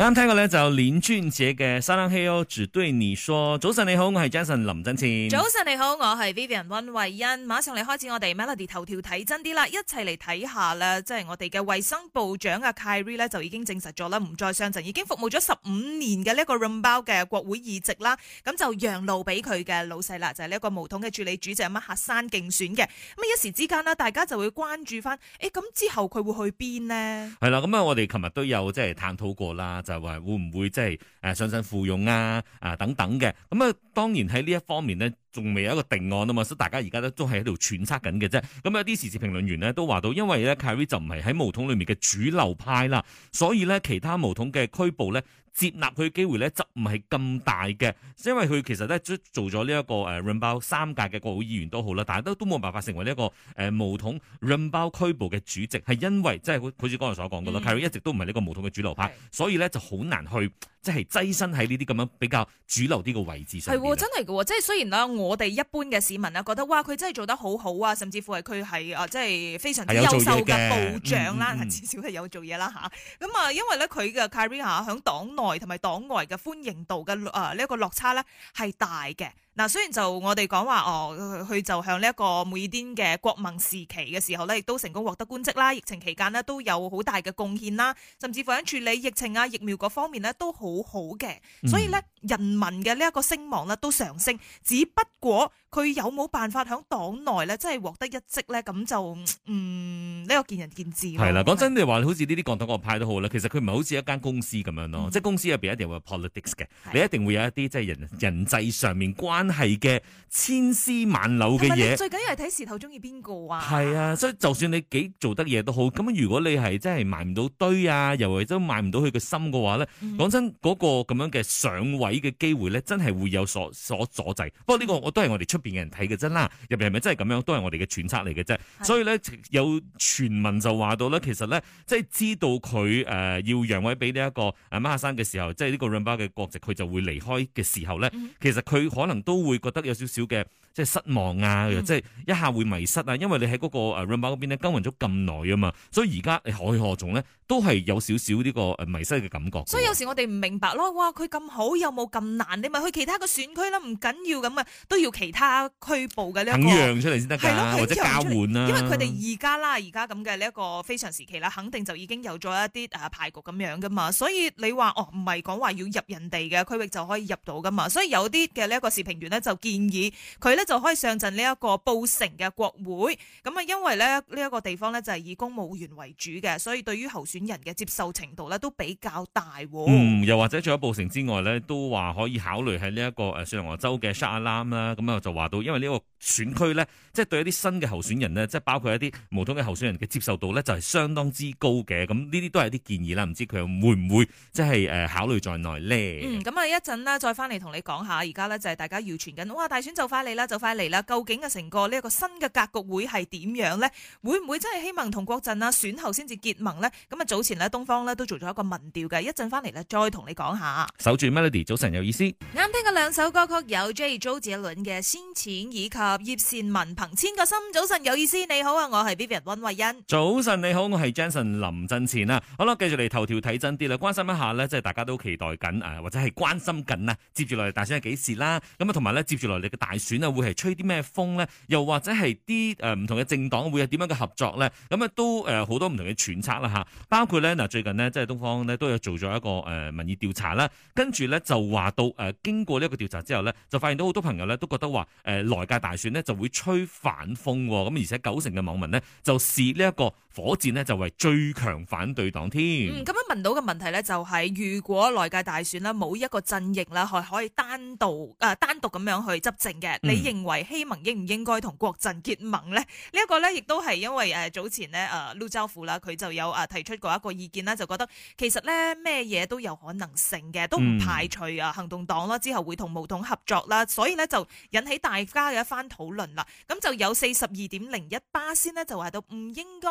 啱聽過咧就林俊傑嘅、哦《沙朗黑歐只對你說》，早晨你好，我係 Jason 林振前。早晨你好，我係 Vivian 溫慧欣。馬上嚟開始我哋 Melody 頭條睇真啲啦，一齊嚟睇下啦，即、就、係、是、我哋嘅衛生部長阿 Kerry 咧就已經證實咗啦，唔再上陣，已經服務咗十五年嘅呢一個 Rembau 嘅國會議席啦，咁就讓路俾佢嘅老細啦，就係呢一個巫統嘅署理主席乜哈山競選嘅，咁啊一時之間啦，大家就會關注翻，誒咁之後佢會去邊呢？係啦，咁啊我哋琴日都有即係探討過啦。就話會，唔會即係誒上身附用啊啊等等嘅，咁啊當然喺呢一方面咧。仲未有一個定案啊嘛，所以大家而家咧都係喺度揣測緊嘅啫。咁有啲時事評論員咧都話到因，因為咧 Khairy 就唔係喺巫統裏面嘅主流派啦，所以咧其他巫統嘅區部咧接納佢嘅機會咧，則唔係咁大嘅。因為佢其實咧做咗呢一個誒 Rembau 三屆嘅國會議員都好啦，但係都都冇辦法成為呢一個誒巫統 Rembau 區部嘅主席，係因為即係好似剛才所講嘅咯 Khairy 一直都唔係呢個巫統嘅主流派，所以咧就好難去。即係躋身喺呢啲咁樣比較主流啲嘅位置上，係真係嘅。即係雖然啦，我哋一般嘅市民咧覺得哇，佢真係做得好好啊，甚至乎係佢係啊，即係非常之優秀嘅部長的、嗯嗯、啦，至少係有做嘢啦吓，咁啊，因為咧佢嘅 Carina 喺黨內同埋黨外嘅歡迎度嘅啊呢一個落差咧係大嘅。嗱，雖然就我哋講話，哦，佢就向呢一個美利堅嘅國民時期嘅時候咧，亦都成功獲得官職啦。疫情期間呢都有好大嘅貢獻啦，甚至乎喺處理疫情啊、疫苗嗰方面咧，都好好嘅。所以咧，人民嘅呢一個聲望咧都上升，只不過佢有冇辦法喺黨內咧，真係獲得一職咧？咁就嗯呢、這個見仁見智。係啦的，講的真，的你話好似呢啲共黨國派都好啦，其實佢唔係好似一間公司咁樣咯，嗯、即係公司入邊一定會有 politics 嘅的，你一定會有一啲即係人、嗯、人際上面關係嘅千絲萬縷嘅嘢。是是最緊要係睇事頭中意邊個啊？係啊，所以就算你幾做得嘢都好，咁如果你係真係埋唔到堆啊，又或者埋唔到佢嘅心嘅話咧，講、嗯、真嗰、那個咁樣嘅上位。嘅機會咧，真係會有所所阻滯。不過呢個都是我都係我哋出邊嘅人睇嘅啫啦，入邊係咪真係咁樣都係我哋嘅揣測嚟嘅啫。的所以咧有傳聞就話到咧，其實咧即係知道佢誒、呃、要讓位俾呢一個馬克生嘅時候，即係呢個 Rumba 嘅國籍，佢就會離開嘅時候咧，嗯、哼其實佢可能都會覺得有少少嘅。即係失望啊！嗯、即係一下會迷失啊！因為你喺嗰個誒 run 馬嗰邊呢，耕耘咗咁耐啊嘛，所以而家你何去何從呢，都係有少少呢個迷失嘅感覺。所以有時我哋唔明白咯，哇！佢咁好，又有冇咁難？你咪去其他嘅選區啦，唔緊要咁啊，都要其他區部嘅呢一個。出嚟先得，係咯，或者交換啦。因為佢哋而家啦，而家咁嘅呢一個非常時期啦，肯定就已經有咗一啲排局咁樣噶嘛。所以你話哦，唔係講話要入人哋嘅區域就可以入到噶嘛。所以有啲嘅呢一個時評員呢，就建議佢就可以上陣呢一個布城嘅國會，咁啊因為咧呢一個地方咧就係以公務員為主嘅，所以對於候選人嘅接受程度咧都比較大。嗯，又或者除咗布城之外咧，都話可以考慮喺呢一個誒雪蘭莪州嘅沙阿蘭啦，咁啊就話到因為呢個選區咧，即係對一啲新嘅候選人咧，即係包括一啲無黨嘅候選人嘅接受度咧，就係相當之高嘅。咁呢啲都係一啲建議啦，唔知佢會唔會即係誒考慮在內咧？嗯，咁啊一陣呢，再翻嚟同你講下，而家咧就係大家謠傳緊，哇，大選就快嚟啦！就快嚟啦！究竟嘅成個呢一個新嘅格局會係點樣呢？會唔會真係希盟同國陣啊選後先至結盟呢？咁啊早前呢，東方呢都做咗一個民調嘅，一陣翻嚟呢，再同你講下。守住 Melody，早晨有意思。啱聽嘅兩首歌曲有 Jay Zhou 子倫嘅《先前》以及葉倩文《憑千個心》。早晨有意思，你好啊，我係 Vivian 溫慧欣。早晨你好，我係 Jensen 林振前啊。好啦，繼續嚟頭條睇真啲啦，關心一下呢，即係大家都期待緊啊，或者係關心緊啊，接住落嚟大選係幾時啦？咁啊，同埋呢，接住落嚟你嘅大選啊會。會係吹啲咩風咧？又或者係啲誒唔同嘅政黨會有點樣嘅合作咧？咁啊都誒好多唔同嘅揣測啦吓，包括咧嗱最近呢即係東方咧都有做咗一個誒民意調查啦，跟住咧就話到誒經過呢一個調查之後咧，就發現到好多朋友咧都覺得話誒內界大選呢就會吹反風，咁而且九成嘅網民呢就視呢一個火箭呢就為最強反對黨添。嗯，咁樣問到嘅問題咧就係、是、如果內界大選咧冇一個陣營咧係可以單獨誒、呃、單獨咁樣去執政嘅，你、嗯？認為希盟應唔應該同國陣結盟呢？呢、這、一個呢亦都係因為誒早前咧誒陸兆福啦，佢、呃、就有啊提出過一個意見啦，就覺得其實呢，咩嘢都有可能性嘅，都唔排除啊行動黨啦之後會同巫統合作啦，所以呢，就引起大家嘅一番討論啦。咁就有四十二點零一巴先呢，就話到唔應該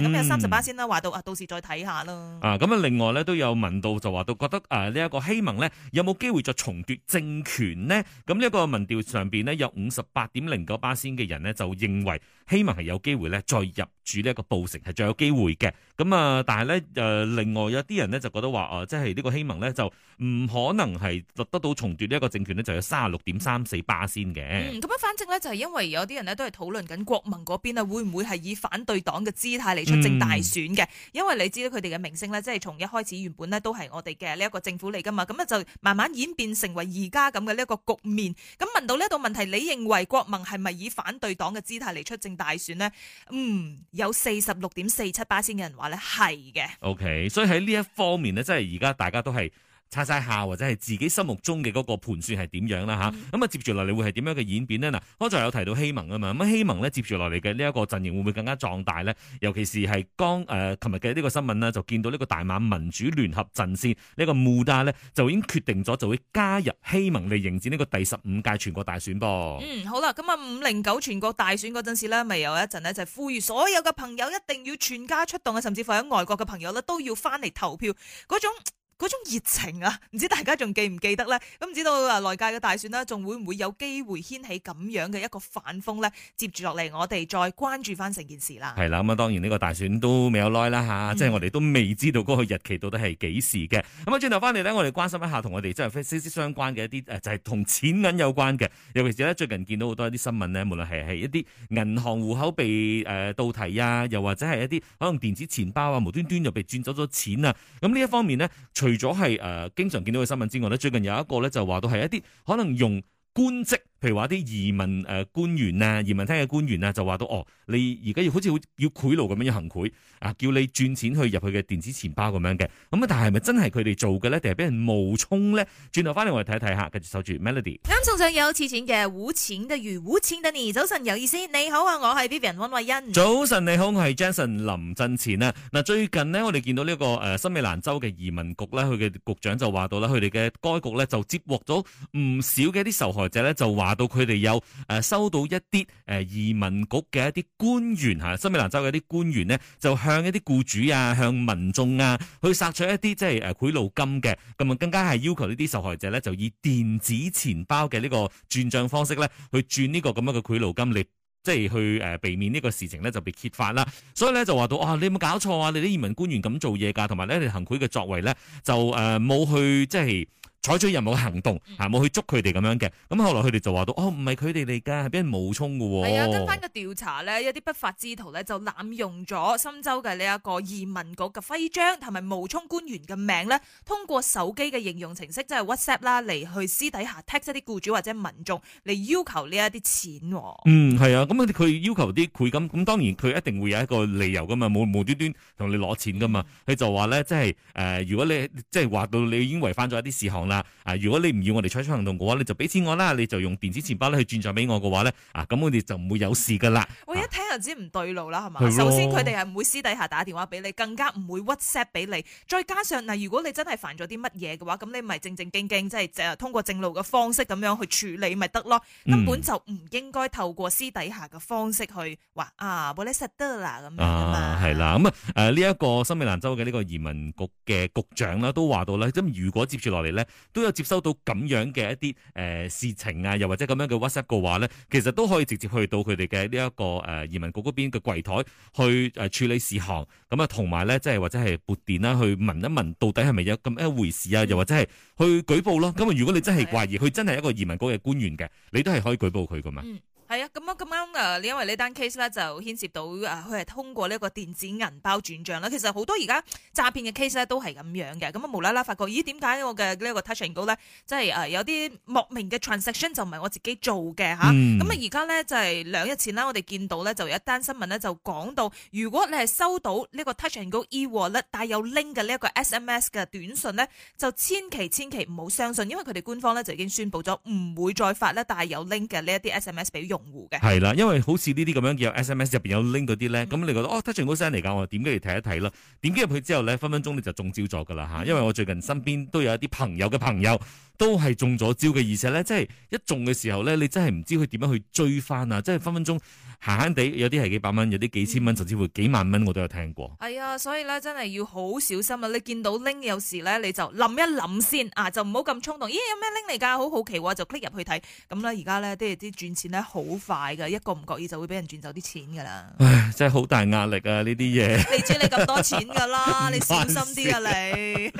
嘅，咁有三十巴先啦話到啊、嗯、到時再睇下咯。啊咁啊，另外呢，都有問到就話到覺得啊呢一個希盟呢，有冇機會再重奪政權呢？咁呢一個民調上邊呢。有五十八點零九巴仙嘅人咧，就認為。希望係有機會咧再入住呢一個布城，係最有機會嘅。咁啊，但係咧誒，另外有啲人咧就覺得話，啊，即係呢個希望咧就唔可能係得到重奪呢一個政權呢，就要三十六點三四巴先嘅。咁啊、嗯，反正咧就係因為有啲人咧都係討論緊國民嗰邊啊，會唔會係以反對黨嘅姿態嚟出政大選嘅？嗯、因為你知道佢哋嘅明星咧，即係從一開始原本咧都係我哋嘅呢一個政府嚟噶嘛，咁啊就慢慢演變成為而家咁嘅呢一個局面。咁問到呢一道問題，你認為國民係咪以反對黨嘅姿態嚟出政大？大選咧，嗯，有四十六點四七八千人話咧係嘅。OK，所以喺呢一方面咧，即係而家大家都係。猜猜下或者係自己心目中嘅嗰個盤算係點樣啦吓，咁啊、嗯嗯、接住落嚟你會係點樣嘅演變呢？嗱，剛才有提到希盟啊嘛，咁希盟呢，接住落嚟嘅呢一個陣營會唔會更加壯大呢？尤其是係剛誒琴日嘅呢個新聞呢，就見到呢個大馬民主聯合陣線呢個穆達呢，就已經決定咗就會加入希盟嚟迎戰呢個第十五屆全國大選噃。嗯，好啦，咁啊五零九全國大選嗰陣時咧，咪有一陣呢，就係、呼籲所有嘅朋友一定要全家出動啊，甚至乎喺外國嘅朋友呢，都要翻嚟投票嗰種。嗰種熱情啊，唔知大家仲記唔記得咧？咁唔知道啊，內界嘅大選啦，仲會唔會有機會掀起咁樣嘅一個反風咧？接住落嚟，我哋再關注翻成件事啦。係啦，咁啊，當然呢個大選都未有耐啦吓，嗯、即係我哋都未知道嗰個日期到底係幾時嘅。咁啊，轉頭翻嚟咧，我哋關心一下同我哋即係真息息相關嘅一啲誒，就係、是、同錢銀有關嘅。尤其是咧，最近見到好多一啲新聞呢，無論係係一啲銀行戶口被誒盜提啊，又或者係一啲可能電子錢包啊，無端端又被轉走咗錢啊。咁呢一方面呢。除咗係誒經常見到嘅新聞之外咧，最近有一個咧就話到係一啲可能用官職。譬如話啲移民誒官員啊，移民廳嘅官員啊，就話到哦，你而家要好似要賄賂咁樣樣行賄啊，叫你轉錢去入去嘅電子錢包咁樣嘅，咁啊，但係咪真係佢哋做嘅咧，定係俾人冒充咧？轉頭翻嚟我哋睇一睇嚇，繼續守住 Melody。啱送、嗯、上有錢嘅賄錢嘅魚，賄錢嘅你，早晨有意思，你好啊，我係 Vivian 温慧欣。早晨你好，我係 Jason 林振前啊。嗱最近呢，我哋見到呢個誒新美蘭州嘅移民局咧，佢嘅局長就話到咧，佢哋嘅該局咧就接獲咗唔少嘅一啲受害者咧，就話。話到佢哋有誒收到一啲誒移民局嘅一啲官員吓，新美蘭州嘅一啲官員咧，就向一啲僱主啊、向民眾啊，去索取一啲即係誒賄賂金嘅，咁啊更加係要求呢啲受害者咧就以電子錢包嘅呢個轉賬方式咧去轉呢個咁樣嘅賄賂金嚟，即係去誒避免呢個事情咧就被揭發啦。所以咧就話到啊，你有冇搞錯啊？你啲移民官員咁做嘢噶，同埋咧你行賄嘅作為咧就誒冇、呃、去即係。採取任何行動嚇冇、嗯、去捉佢哋咁樣嘅，咁後來佢哋就話到哦，唔係佢哋嚟㗎，係俾人冒充嘅喎、哦。啊，跟翻個調查咧，一啲不法之徒咧就濫用咗深州嘅呢一個移民局嘅徽章同埋冒充官員嘅名咧，通過手機嘅應用程式即係、就是、WhatsApp 啦嚟去私底下 text 一啲僱主或者民眾嚟要求呢一啲錢、哦。嗯，係啊，咁佢要求啲賄金，咁當然佢一定會有一個理由㗎嘛，冇無，無端端同你攞錢㗎嘛。佢、嗯、就話咧，即係誒，如果你即係話到你已經違反咗一啲事項啦。啊，如果你唔要我哋採取行動嘅話，你就俾錢我啦，你就用電子錢包去轉賬俾我嘅話咧，啊咁我哋就唔會有事噶啦。我一聽就知唔對路啦，係嘛、啊？首先佢哋係唔會私底下打電話俾你，更加唔會 WhatsApp 俾你。再加上嗱，如果你真係煩咗啲乜嘢嘅話，咁你咪正正經經，即、就、係、是、通過正路嘅方式咁樣去處理咪得咯。嗯、根本就唔應該透過私底下嘅方式去話啊，我哋識得啦咁樣啊係啦，咁啊呢一、這個森美蘭州嘅呢個移民局嘅局長都話到啦，咁如果接住落嚟咧。都有接收到咁樣嘅一啲、呃、事情啊，又或者咁樣嘅 WhatsApp 嘅話咧，其實都可以直接去到佢哋嘅呢一個誒、呃、移民局嗰邊嘅櫃台去誒、呃、處理事項。咁、嗯、啊，同埋咧，即係或者係撥電啦，去問一問到底係咪有咁一回事啊？嗯、又或者係去舉報咯。咁啊、嗯，如果你真係懷疑佢真係一個移民局嘅官員嘅，你都係可以舉報佢㗎嘛。嗯係啊，咁啊，咁啱啊！你因為呢單 case 咧就牽涉到啊，佢係通過呢個電子銀包轉帳啦。其實好多而家詐騙嘅 case 咧都係咁樣嘅。咁啊無啦啦發覺，咦點解我嘅呢個 Touch 'n Go 咧，即係啊有啲莫名嘅 transaction 就唔係我自己做嘅吓。咁啊而家咧就係兩日前啦，我哋見到咧就有一單新聞咧就講到，如果你係收到呢個 Touch 'n Go eWallet 咧帶有 link 嘅呢一個 SMS 嘅短信咧，就千祈千祈唔好相信，因為佢哋官方咧就已經宣布咗唔會再發咧帶有 link 嘅呢一啲 SMS 俾用。係啦，因為好似呢啲咁樣嘅 SMS 入邊有 link 嗰啲咧，咁、嗯、你覺得哦 trending online 嚟噶，我點解嚟睇一睇啦？點入去之後咧，分分鐘你就中招咗噶啦吓，因為我最近身邊都有一啲朋友嘅朋友都係中咗招嘅，而且咧即係一中嘅時候咧，你真係唔知佢點樣去追翻啊！即係分分鐘。閒閒地有啲係幾百蚊，有啲幾千蚊，甚至、嗯、乎幾萬蚊，我都有聽過。係啊、哎，所以咧真係要好小心啊！你見到拎，有時咧你就諗一諗先啊，就唔好咁衝動。咦，有咩拎嚟噶？好好奇話，我就 click 入去睇。咁咧而家咧啲啲轉錢，咧好快噶，一個唔覺意就會俾人轉走啲錢噶啦。唉，真係好大壓力啊！呢啲嘢，你知你咁多錢噶啦， 你小心啲啊，啊 你。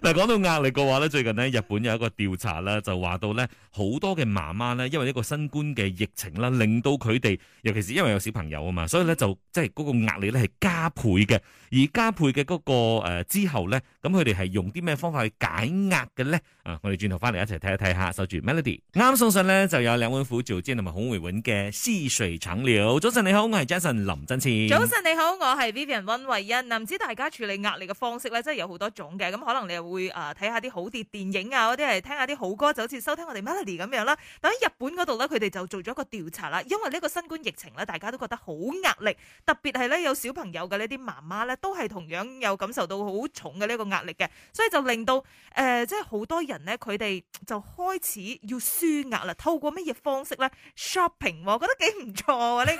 嗱，講到壓力嘅話咧，最近呢，日本有一個調查啦，就話到咧好多嘅媽媽咧，因為一個新冠嘅疫情啦，令到佢哋尤其是因為有小朋友啊嘛，所以咧就即係嗰個壓力咧係加倍嘅，而加倍嘅嗰、嗰個誒、呃、之後咧，咁佢哋係用啲咩方法去解壓嘅咧？啊，我哋轉頭翻嚟一齊睇一睇下，守住 Melody。啱送信呢就有兩碗苦酒煎同埋孔慧婉嘅《細水長流》。早晨你好，我係 Jason 林振千。早晨你好，我係 Vivian 温慧欣。啊，唔知大家處理壓力嘅方式咧，真係有好多種嘅。咁可能你又會啊睇下啲好啲電影啊，嗰啲係聽下啲好歌，就好似收聽我哋 Melody 咁樣啦。但喺日本嗰度咧，佢哋就做咗個調查啦，因為呢個新冠疫情咧。大家都覺得好壓力，特別係咧有小朋友嘅呢啲媽媽咧，都係同樣有感受到好重嘅呢個壓力嘅，所以就令到誒、呃，即係好多人咧，佢哋就開始要紓壓啦。透過乜嘢方式咧？shopping，我覺得幾唔錯啊！呢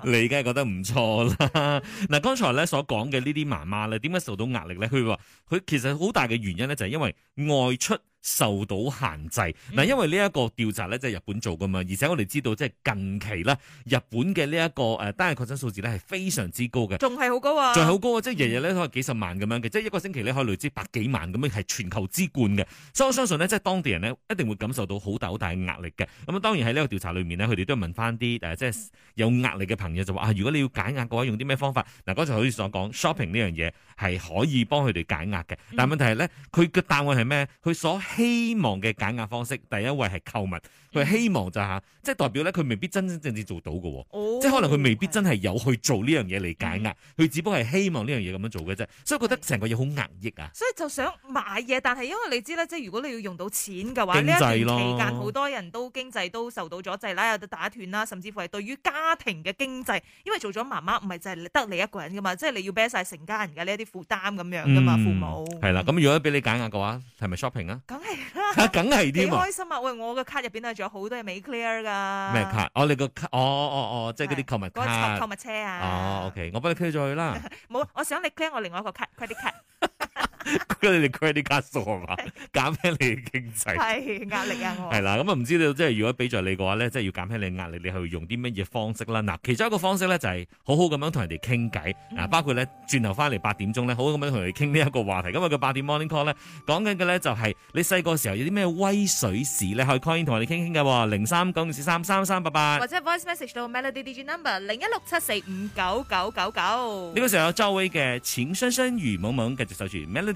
個 你梗係覺得唔錯啦。嗱， 剛才咧所講嘅呢啲媽媽咧，點解受到壓力咧？佢話佢其實好大嘅原因咧，就係因為外出受到限制，嗱，因為呢一個調查咧，即係日本做噶嘛，而且我哋知道即係近期咧，日本嘅呢一個誒單日確診數字咧係非常之高嘅，仲係好高啊！仲係好高啊！即係日日咧都係幾十萬咁樣嘅，即係一個星期咧可以累積百幾萬咁樣，係全球之冠嘅。所以我相信呢，即係當地人呢，一定會感受到好大好大嘅壓力嘅。咁啊，當然喺呢個調查裏面呢，佢哋都係問翻啲誒，即係有壓力嘅朋友就話啊，如果你要解壓嘅話，用啲咩方法？嗱，嗰陣好似所講 shopping 呢樣嘢係可以幫佢哋解壓嘅，但係問題係咧，佢嘅答案係咩？佢所希望嘅減壓方式，第一位係購物。佢希望就係，即係代表咧，佢未必真真正正做到嘅。哦，即係可能佢未必真係有去做呢樣嘢嚟減壓，佢的只不過係希望呢樣嘢咁樣做嘅啫。所以覺得成個嘢好壓抑啊！所以就想買嘢，但係因為你知咧，即係如果你要用到錢嘅話，呢期間好多人都經濟都受到咗制裁啦，有得打斷啦，甚至乎係對於家庭嘅經濟，因為做咗媽媽，唔係就係得你一個人噶嘛，即係你要俾晒成家人嘅呢啲負擔咁樣噶嘛，父母。係啦，咁如果俾你減壓嘅話，係咪 shopping 啊？梗係添啊！ 開心啊！喂，我個卡入邊啊，仲有好多嘢未 clear 噶。咩卡？我哋個卡，哦哦哦，即係嗰啲購物購物車啊。哦、oh，OK，我幫你 clear 咗佢啦。冇， 我想你 clear 我另外一個卡，credit 卡。 咁你哋 credit 卡數嘛，減輕你嘅經濟係壓力啊，係啦，咁啊唔知道即係如果俾咗你嘅話咧，即係要減輕你壓力，你係會用啲乜嘢方式啦？嗱，其中一個方式咧就係好好咁樣同人哋傾偈，嗱，包括咧轉頭翻嚟八點鐘咧，好好咁樣同佢傾呢一個話題。今日嘅八點 morning call 咧講緊嘅咧就係你細個時候有啲咩威水事咧，可以 call 同我哋傾傾噶，零三九二四三三三八八，或者 voice message 到 melody DJ number 零一六七四五九九九九。呢個時候有周威嘅情深深雨濛濛繼續守住 melody。